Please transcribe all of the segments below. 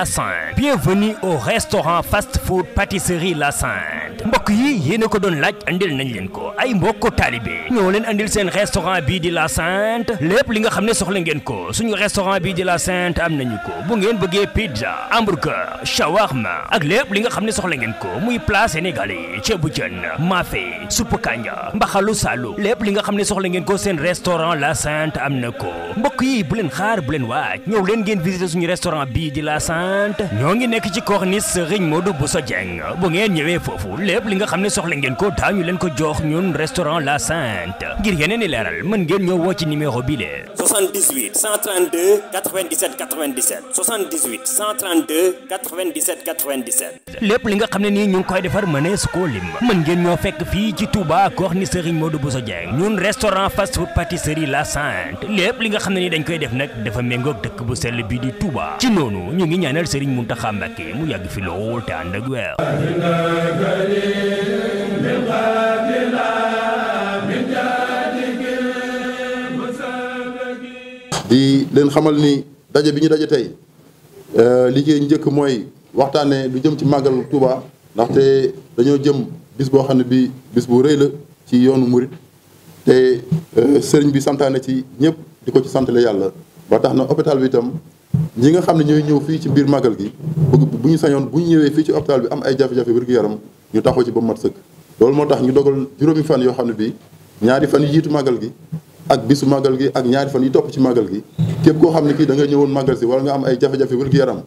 La Sainte bienvenue au restaurant fast food pâtisserie La Sainte mbokk yi yéena ko doon laaj andil nañ leen ko ay mbokk taalibe ñoo leen andil seen restaurant bii di la Sainte lépp li nga xam ne soxla ngeen ko suñu restaurant bii di la Sainte am nañu ko bu ngeen bëggee pizza hamburger ak lépp li nga xam ne soxla ngeen ko muy plat sénégalais ceebu jën mafé supp kanja mbaxalu salu lépp li nga xam ne soxla ngeen ko seen restaurant la Sainte am na ko mbokk yi bu leen xaar bu leen waaj ñëw leen ngeen visiter suñu restaurant bii di la Sainte ñoo ngi nekk ci corniche Serigne Modou Bousso Dieng bu ngeen ñëwee foofu lépp li nga xam ne soxla ngeen ko leen ko jox ñun Sen restaurant La Sainte ngir yeneen i leeral ngeen woo ci numéro bi le 78 132 97 97 78 132 97 97 lépp li nga xam ne nii ñu ngi koy defar mënees koo lim mën ngeen ñoo fekk fii ci Touba Gorni Serigne Modou Bousso Dieng ñun restaurant fast food pâtisserie La Sainte lépp li nga xam ne ni dañ koy def nag dafa méngoog dëkk bu sell bi di Touba ci noonu ñu ngi ñaanal Serigne Mountakha Mbacké mu yàgg fi lool te ànd ak weer di leen xamal ni daje bi ñu daje tey euh, li ci njëkk mooy waxtaanee lu jëm ci màggal Touba ndaxte dañoo jëm bis boo xam ne bi bis bu rëy la ci yoonu murit te euh, sëriñ bi santaane ci ñëpp di ko ci santale yàlla ba tax na hôpital bi itam ñi nga xam ne ñooy ñëw fii ci biir màggal gi bëgg bu ñu sañoon bu ñu ñëwee fii ci hôpital bi am ay jafe-jafe wér-gu-yaram ñu taxaw ci ba mat sëkk loolu moo tax ñu dogal juróomi fan yoo xam ne bi ñaari fan yu jiitu màggal gi ak bisu màggal gi ak ñaari fan yi topp ci màggal gi képp koo xam ne kii da nga ñëwoon màggal si wala nga am ay jafe-jafe wér-gu-yaram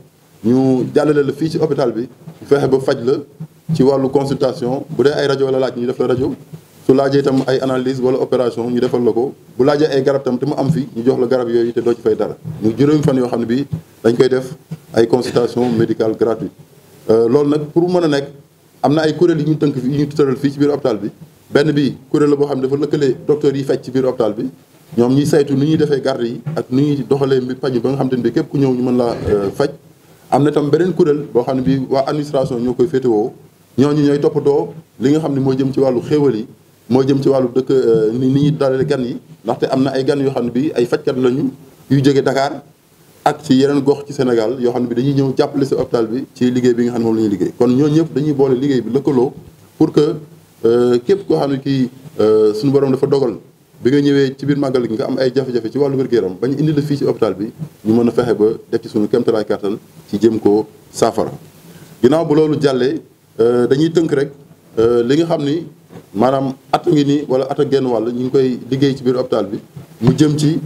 ñu jàllale la fii ci hôpital bi fexe ba faj la ci wàllu consultation bu dee ay rajo la laaj ñu def la rajo su laajee itam ay analyse wala opération ñu defal la ko bu laajee ay garab tam te mu am fi ñu jox la garab yooyu te doo ci fay dara ñu juróomi fan yoo xam ne bii dañ koy def ay consultation médicale gratuite euh, loolu nag pour mën a nekk am na ay kuréel yi ñu tënk fi ñu tëral fii ci biir hôpital bi benn bi kuréel la boo xam ne dafa lëkkale docteur yi faj ci biir hôpital bi ñoom ñuy saytu nu ñuy defee garde yi ak nu ñuy doxalee mbir paju ba nga xam te ne bi ñu mën la euh, faj am na tam beneen kuréel boo xam ne bi waa administration ñoo koy féetewoo ñu ñooy toppatoo li nga xam ne moo jëm ci wàllu xéewal yi moo jëm ci wàllu dëkk euh, ni ñuy dalale gan yi ndaxte am na ay gan yoo xam ne bi ay fajkat lañu yu jóge Dakar ak ci yeneen gox ci Sénégal yoo xam ne bi dañuy ñëw jàppale si hôpital bi ci liggéey bi nga xam ne moom ñuy liggéey kon ñoo ñëpp dañuy boole liggéey bi lëkkaloo Euh, képp koo xam ne kii euh, suñu borom dafa dogal bi nga ñëwee ci biir màggal gi nga am ay jafe-jafe ci wàllu wër gu ba ñu indi la fii ci hôpital bi ñu mën a fexe ba def ci suñu kéemtalaay kàttan ci jëm ko saafara ginnaaw bu loolu jàllee euh, dañuy tënk rek li nga xam ni maanaam at ngi ni wala at a genn wàll ñu ngi koy liggéey ci biir hôpital bi mu jëm ci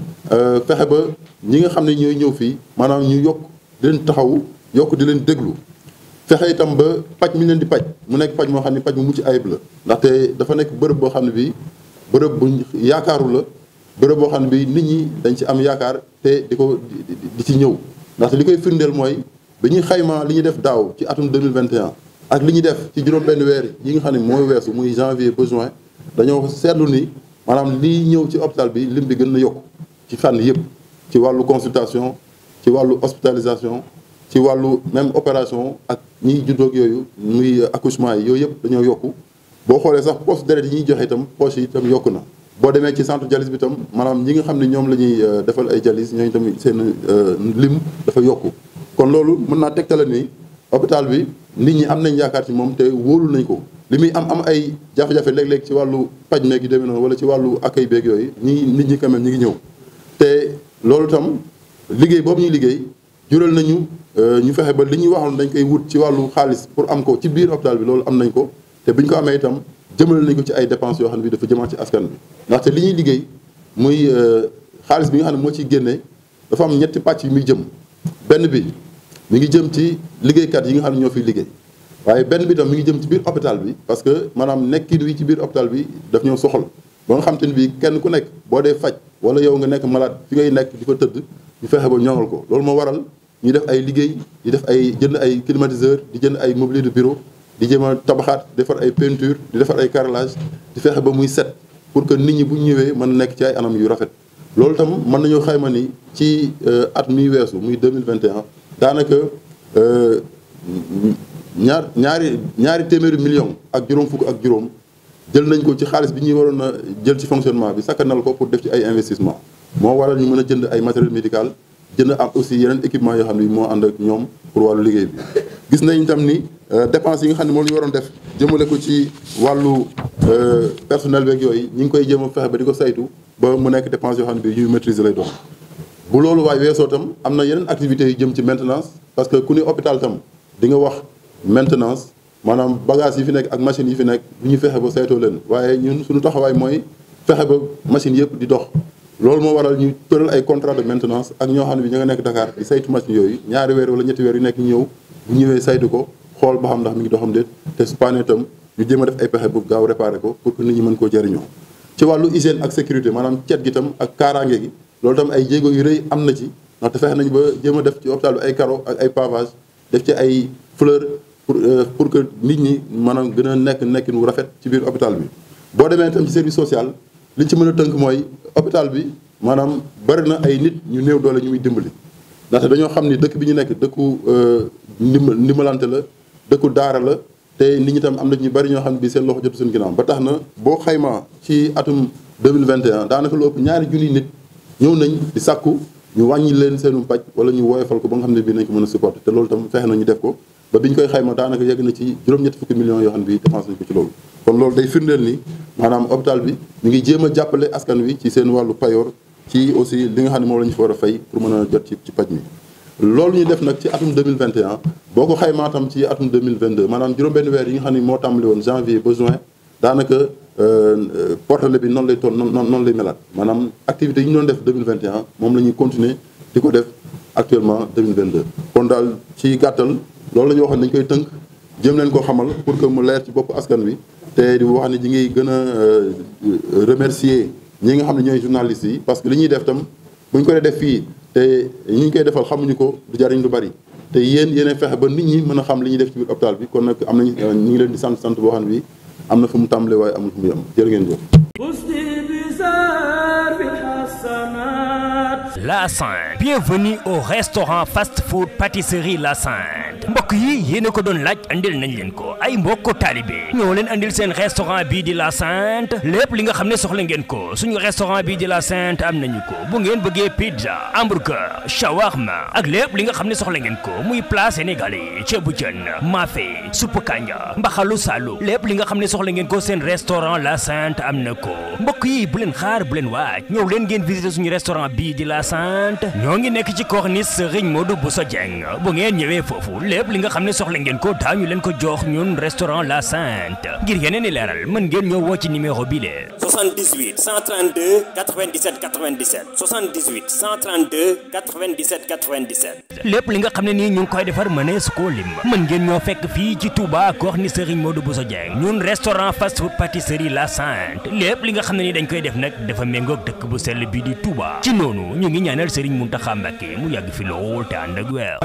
fexe ba ñi nga xam ne ñooy ñëw fii maanaam ñu yokk di leen taxaw yokk di leen déglu fexe itam ba paj mi leen di paj mu nekk paj moo xam ne paj mu mucc ayib la ndaxte dafa nekk bërëb boo xam ne bii bërëb bu yaakaaru la bërëb boo xam ne bii nit ñi dañ ci am yaakaar te di ko di ci ñëw ndaxte li koy firndeel mooy bi ñuy xayma li ñuy def daaw ci atum 2021 ak li ñuy def ci juróom-benn weer ñi nga xam ne mooy weesu muy janvier ba juin dañoo seetlu ni maanaam lii ñëw ci hôpital bi lim bi gën na yokk ci fànn yëpp ci wàllu consultation ci wàllu hospitalisation ci wàllu même opération ak ñiy juddoog yooyu muy euh, accouchement yi yooyu yëpp dañoo yokk boo xoolee sax poche deret yi ñuy joxe itam poche yi itam yokku na boo demee ci centre dialyse bi itam maanaam ñi nga xam ne ñoom lañuy euh, defal ay jalis ñooñu tamit seen euh, lim dafa yokku kon loolu mën naa tegtale ni hôpital bi nit ñi am nañ yaakaar ci moom te wóolu nañ ko li muy am am ay jafe-jafe léeg-léeg ci wàllu paj meeg yu deme noonu wala ci wàllu accueil beeg yooyu ñi nit ñi quand même ngi ñëw te loolu itam liggéey boobu ñuy liggéey jural nañu Euh, ñu fexe ba li ñuy waxoon dañ koy wut ci wàllu xaalis pour am ko ci biir hôpital bi loolu am nañ ko te bi ñu ko amee itam jëmale nañ ko ci ay dépenses yoo xam ne bi dafa jëmaat ci askan bi ndaxte li ñuy liggéey muy euh, xaalis bi nga xam ne moo ciy génnee dafa am ñetti pàcc yu muy jëm benn bi mu ngi jëm ci liggéeykat yi nga xam ne ñoo fiy liggéey waaye benn bi tam mi ngi jëm ci biir hôpital bi parce que maanaam nekkin wi ci biir hôpital bi daf ñoo soxla ba nga xam te ne bii kenn ku nekk boo dee faj wala yow nga nekk malade fi ngay nekk di fa tëdd ñu fexe ba ñoŋal ko loolu moo waral ñu def ay liggéey di def ay jënd ay climatiseur di jënd ay mobilier de bureau di jéem a tabaxaat di defar ay peinture di defar ay carlage di fexe ba muy set pour que nit ñi bu ñu ñëwee mën a nekk ci ay anam yu rafet. loolu tam mën nañoo xayma ni ci euh, at mi weesu muy 2021 daanaka euh, ñaar ñaari ñaari téeméeri million ak juróom fukk ak juróom jël nañ ko ci xaalis bi ñuy waroon a jël ci fonctionnement bi sakkanal ko pour def ci ay investissement moo waral ñu mën a jënd ay matériel médical jënd am aussi yeneen équipement yoo xam ne moo ànd ak ñoom pour wàllu liggéey bi gis nañ tam ni euh, dépense yi nga xam ne moom la ñu waroon def jëmale ko ci wàllu euh, personnel beeg yooyu ñu ngi koy jéem a fexe ba di ko saytu ba mu nekk dépense yoo xam ne bi ñuy maîtriser lay doon bu loolu waaye weesoo tam am na yeneen activités yu jëm ci maintenance parce que ku ne hôpital tam di nga wax maintenance maanaam bagage yi fi nekk ak machines yi fi nekk bu ñu fexe ba saytoo leen waaye ñun suñu taxawaay mooy fexe ba machine yëpp di dox loolu moo waral ñu tëral ay contrat de maintenance ak ñoo xam ne bi ñu nga nekk Dakar di saytu machine yooyu ñaari weer wala ñetti weer yu nekk ñu ñëw bu ñëwee saytu ko xool ba xam ndax mi ngi doxam déet te su def ay pexe bu gaaw réparé ko pour que nit ñi mën koo jëriñoo ci wàllu hygiène ak sécurité maanaam cet gi tam ak kaaraange gi loolu tam ay jéego yu rëy am na ci ndaxte fexe nañu ba jéem def ci hôpital bi ay carreaux ak ay pavage def ci ay fleur pour euh, pour que nit ñi maanaam gën a nekk nekkin wu rafet ci biir hôpital bi boo demee itam service social li ci mën a tënk mooy hôpital bi maanaam bari na ay nit ñu néew doole ñu muy dimbali ndaxte dañoo xam ni dëkk bi ñu nekk dëkku euh, ndimbal ndimbalante la dëkku daara la te nit ñi tam am na ñu bari ñoo xam ne bii seen loxo jot seen ginnaaw ba tax na boo xaymaa ci atum 2021 daanaka lu ëpp ñaari junniy nit ñëw nañ di sàkku ñu wàññi leen seenu paj wala ñu woyofal ko ba nga xam ne bii nañ ko mën a supporter te loolu tam fexe na ñu def ko ba biñ koy xayma daanaka yegg kon loolu day firndeel ni maanaam hôpital bi ñu ngi jéem a jàppale askan wi ci seen wàllu payoor ci aussi li nga xam ne moom la ñu fa war a fay pour mën a jot ci ci paj mi loolu ñu def nag ci atum 2021 boo ko xaymaa tam ci atum 2022 maanaam juróom-benn weer yi nga xam ne moo tàmbali woon janvier ba juin daanaka euh, euh, portale bi noonu lay toll noonu noonu lay melaat maanaam activité yi ñu doon def 2021 moom la ñuy continuer di ko def actuellement 2022. kon daal ci gàttal loolu la ñu waxoon dañu koy tënk jëm leen koo xamal pour que mu leer ci bopp askan wi. te di wax ne ñi ngi gën a euh, remercier ñu nga xam ne ñooy journalistes yi parce que li ñuy def tam bu ñu ko dee def fii te ñi ñu koy defal xamuñu ko du jariñ lu bari te yéen yéen a fexe ba nit ñi mën a xam li ñuy def ci biir hôpital bi kon nag am nañ euh, ñu ngi leen di sant sant boo xam ne bi am na fu mu tàmbalee waaye amul fu mu yem jërë ngeen jëf. La Saint. Bienvenue au restaurant fast-food pâtisserie La Saint. stade mbokk yi ko doon laaj andil nañ leen ko ay mbokko taalibe ñoo leen andil seen restaurant bii di la Sainte lépp li nga xam ne soxla ngeen ko suñu restaurant bii di la Sainte am nañu ko bu ngeen bëggee pizza hamburger shawarma ak lépp li nga xam ne soxla ngeen ko muy plat sénégalais ceebu jën mafé supp kanja mbaxalu salu lépp li nga xam ne soxla ngeen ko seen restaurant la Sainte am na ko mbokk yi bu leen xaar bu leen waaj ñëw leen geen visiter suñu restaurant bii di la Sainte ñoo ngi nekk ci corniche Serigne Modou Bousso Dieng bu ngeen lépp li nga xam ne soxla ngeen ko daañu leen ko jox ñun restaurant La Sainte ngir yeneen i leeral mën ngeen ñoo woo ci numéro bi 78 132 97 97 78 lépp li nga xam ne nii ñu ngi koy defar mënees koo lim mën ngeen ñoo fekk fii ci Touba Corniche Serigne Modou Bousso Dieng ñun restaurant fast food pâtisserie La Sainte lépp li nga xam ne nii dañ koy def nag dafa méngoog dëkk bu sell bii di Touba ci noonu ñu ngi ñaanal Serigne Mountakha Mbacké mu yàgg fi lool te ànd ak weer.